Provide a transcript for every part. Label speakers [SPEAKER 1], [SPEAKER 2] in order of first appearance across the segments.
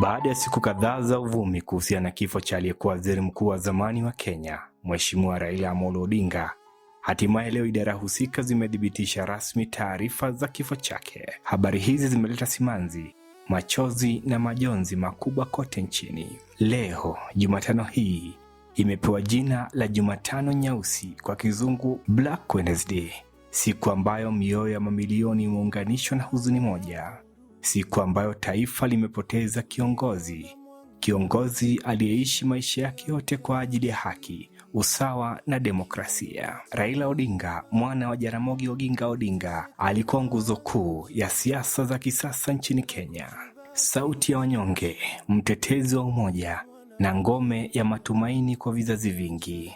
[SPEAKER 1] Baada ya siku kadhaa za uvumi kuhusiana na kifo cha aliyekuwa waziri mkuu wa zamani wa Kenya, Mheshimiwa Raila Amolo Odinga, hatimaye leo idara husika zimethibitisha rasmi taarifa za kifo chake. Habari hizi zimeleta simanzi, machozi na majonzi makubwa kote nchini. Leo Jumatano hii imepewa jina la Jumatano Nyeusi, kwa kizungu Black Wednesday, siku ambayo mioyo ya mamilioni imeunganishwa na huzuni moja siku ambayo taifa limepoteza kiongozi, kiongozi aliyeishi maisha yake yote kwa ajili ya haki, usawa na demokrasia. Raila Odinga, mwana wa Jaramogi Oginga Odinga, alikuwa nguzo kuu ya siasa za kisasa nchini Kenya, sauti ya wanyonge, mtetezi wa umoja na ngome ya matumaini kwa vizazi vingi.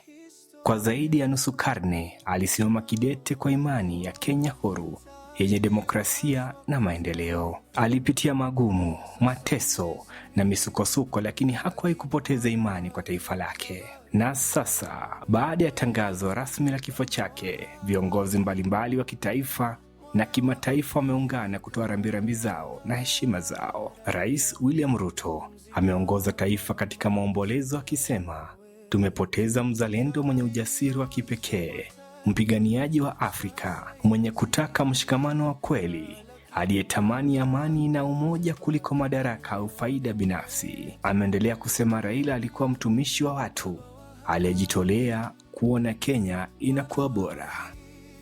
[SPEAKER 1] Kwa zaidi ya nusu karne, alisimama kidete kwa imani ya Kenya huru yenye demokrasia na maendeleo. Alipitia magumu, mateso na misukosuko, lakini hakuwahi kupoteza imani kwa taifa lake. Na sasa, baada ya tangazo rasmi la kifo chake, viongozi mbalimbali wa kitaifa na kimataifa wameungana kutoa rambirambi zao na heshima zao. Rais William Ruto ameongoza taifa katika maombolezo akisema, tumepoteza mzalendo mwenye ujasiri wa kipekee mpiganiaji wa Afrika mwenye kutaka mshikamano wa kweli aliyetamani amani na umoja kuliko madaraka au faida binafsi. Ameendelea kusema Raila alikuwa mtumishi wa watu aliyejitolea kuona Kenya inakuwa bora.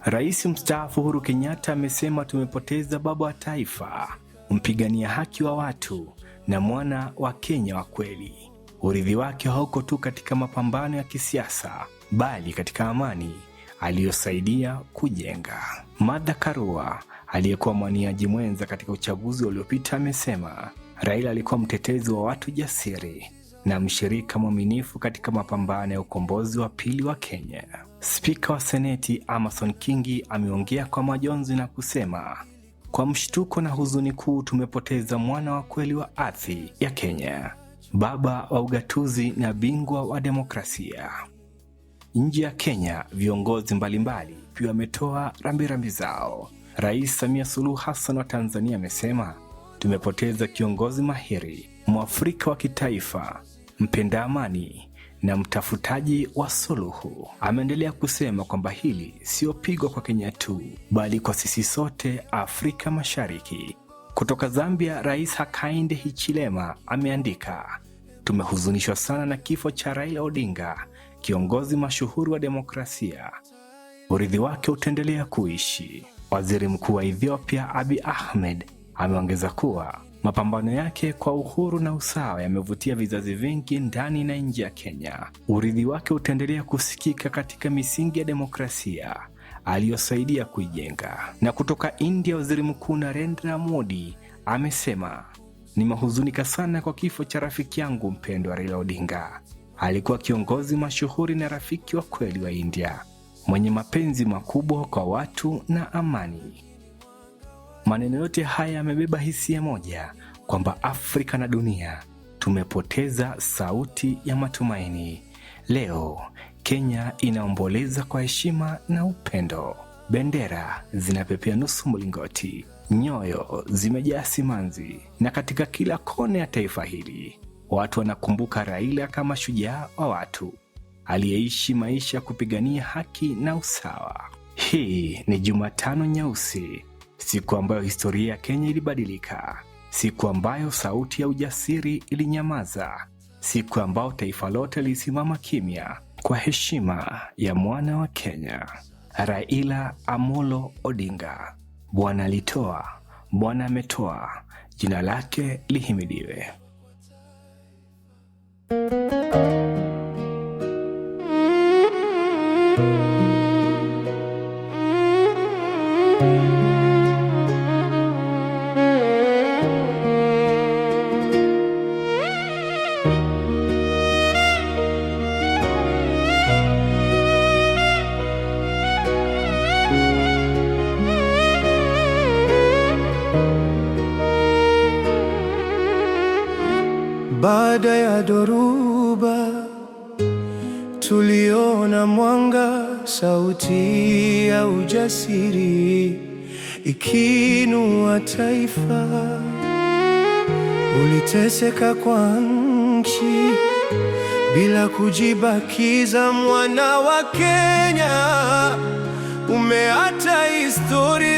[SPEAKER 1] Rais mstaafu Uhuru Kenyatta amesema tumepoteza baba wa taifa, mpigania haki wa watu na mwana wa Kenya wa kweli. Urithi wake hauko tu katika mapambano ya kisiasa, bali katika amani aliyosaidia kujenga. Martha Karua aliyekuwa mwaniaji mwenza katika uchaguzi uliopita amesema Raila alikuwa mtetezi wa watu jasiri na mshirika mwaminifu katika mapambano ya ukombozi wa pili wa Kenya. Spika wa Seneti Amason Kingi ameongea kwa majonzi na kusema, kwa mshtuko na huzuni kuu tumepoteza mwana wa kweli wa ardhi ya Kenya, baba wa ugatuzi na bingwa wa demokrasia. Nje ya Kenya, viongozi mbalimbali pia wametoa rambirambi zao. Rais Samia Suluhu Hassan wa Tanzania amesema tumepoteza kiongozi mahiri, mwafrika wa kitaifa, mpenda amani na mtafutaji wa suluhu. Ameendelea kusema kwamba hili sio pigo kwa Kenya tu, bali kwa sisi sote Afrika Mashariki. Kutoka Zambia, Rais Hakainde Hichilema ameandika, tumehuzunishwa sana na kifo cha Raila Odinga kiongozi mashuhuri wa demokrasia, urithi wake utaendelea kuishi. Waziri Mkuu wa Ethiopia Abiy Ahmed ameongeza kuwa mapambano yake kwa uhuru na usawa yamevutia vizazi vingi ndani na nje ya Kenya. Urithi wake utaendelea kusikika katika misingi ya demokrasia aliyosaidia kuijenga. Na kutoka India, Waziri Mkuu Narendra Modi amesema, Nimehuzunika sana kwa kifo cha rafiki yangu mpendwa Raila Odinga alikuwa kiongozi mashuhuri na rafiki wa kweli wa India mwenye mapenzi makubwa kwa watu na amani. Maneno yote haya yamebeba hisia moja kwamba Afrika na dunia tumepoteza sauti ya matumaini. Leo Kenya inaomboleza kwa heshima na upendo. Bendera zinapepea nusu mlingoti, nyoyo zimejaa simanzi, na katika kila kona ya taifa hili Watu wanakumbuka Raila kama shujaa wa watu aliyeishi maisha ya kupigania haki na usawa. Hii ni Jumatano Nyeusi, siku ambayo historia ya Kenya ilibadilika, siku ambayo sauti ya ujasiri ilinyamaza, siku ambayo taifa lote lilisimama kimya kwa heshima ya mwana wa Kenya, Raila Amolo Odinga. Bwana alitoa, Bwana ametoa, jina lake lihimidiwe. Müzik
[SPEAKER 2] doruba dhoruba, tuliona mwanga, sauti ya ujasiri ikiinua taifa. Uliteseka kwa nchi bila kujibakiza, mwana wa Kenya, umeata historia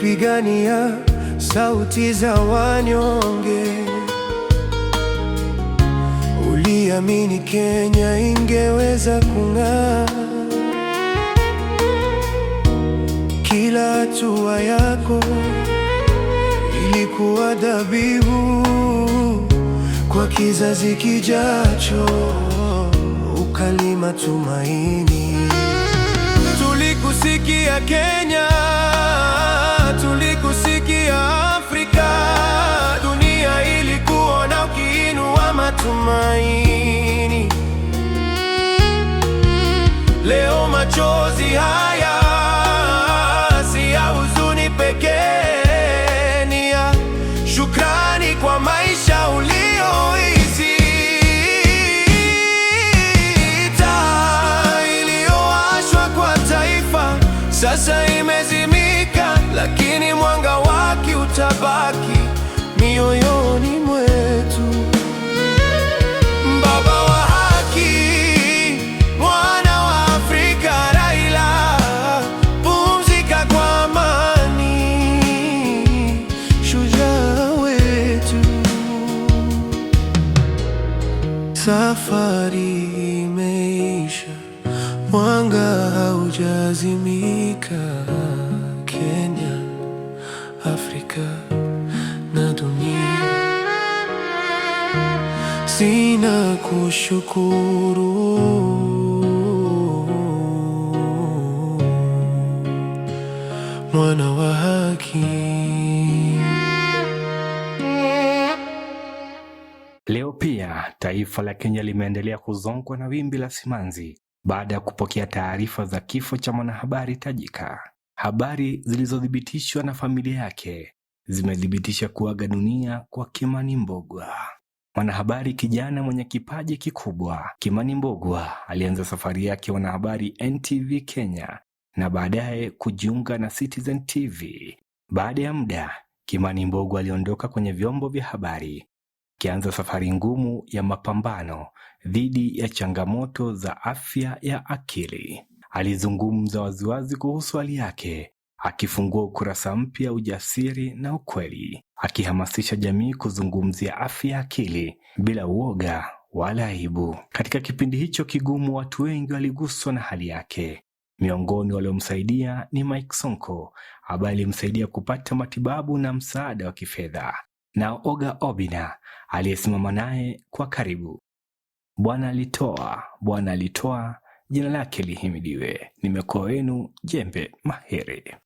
[SPEAKER 2] kupigania sauti za wanyonge. Uliamini Kenya ingeweza kung'aa. Kila hatua yako ilikuwa dhabihu kwa kizazi kijacho, ukalima tumaini. Tulikusikia Kenya Safari imeisha, mwanga haujazimika. Kenya, Afrika na dunia, sina kushukuru, mwana wa haki
[SPEAKER 1] Taifa la Kenya limeendelea kuzongwa na wimbi la simanzi baada ya kupokea taarifa za kifo cha mwanahabari tajika. Habari zilizothibitishwa na familia yake zimethibitisha kuaga dunia kwa Kimani Mbogwa. Mwanahabari kijana mwenye kipaji kikubwa, Kimani Mbogwa alianza safari yake wanahabari NTV Kenya na baadaye kujiunga na Citizen TV. Baada ya muda, Kimani Mbogwa aliondoka kwenye vyombo vya habari kianza safari ngumu ya mapambano dhidi ya changamoto za afya ya akili. Alizungumza waziwazi kuhusu hali yake, akifungua ukurasa mpya ujasiri na ukweli, akihamasisha jamii kuzungumzia afya ya akili bila uoga wala aibu. Katika kipindi hicho kigumu, watu wengi waliguswa na hali yake. Miongoni waliomsaidia ni Mike Sonko ambaye alimsaidia kupata matibabu na msaada wa kifedha na Oga obina aliyesimama naye kwa karibu. Bwana alitoa, Bwana alitoa, jina lake lihimidiwe. Nimekuwa wenu Jembe maheri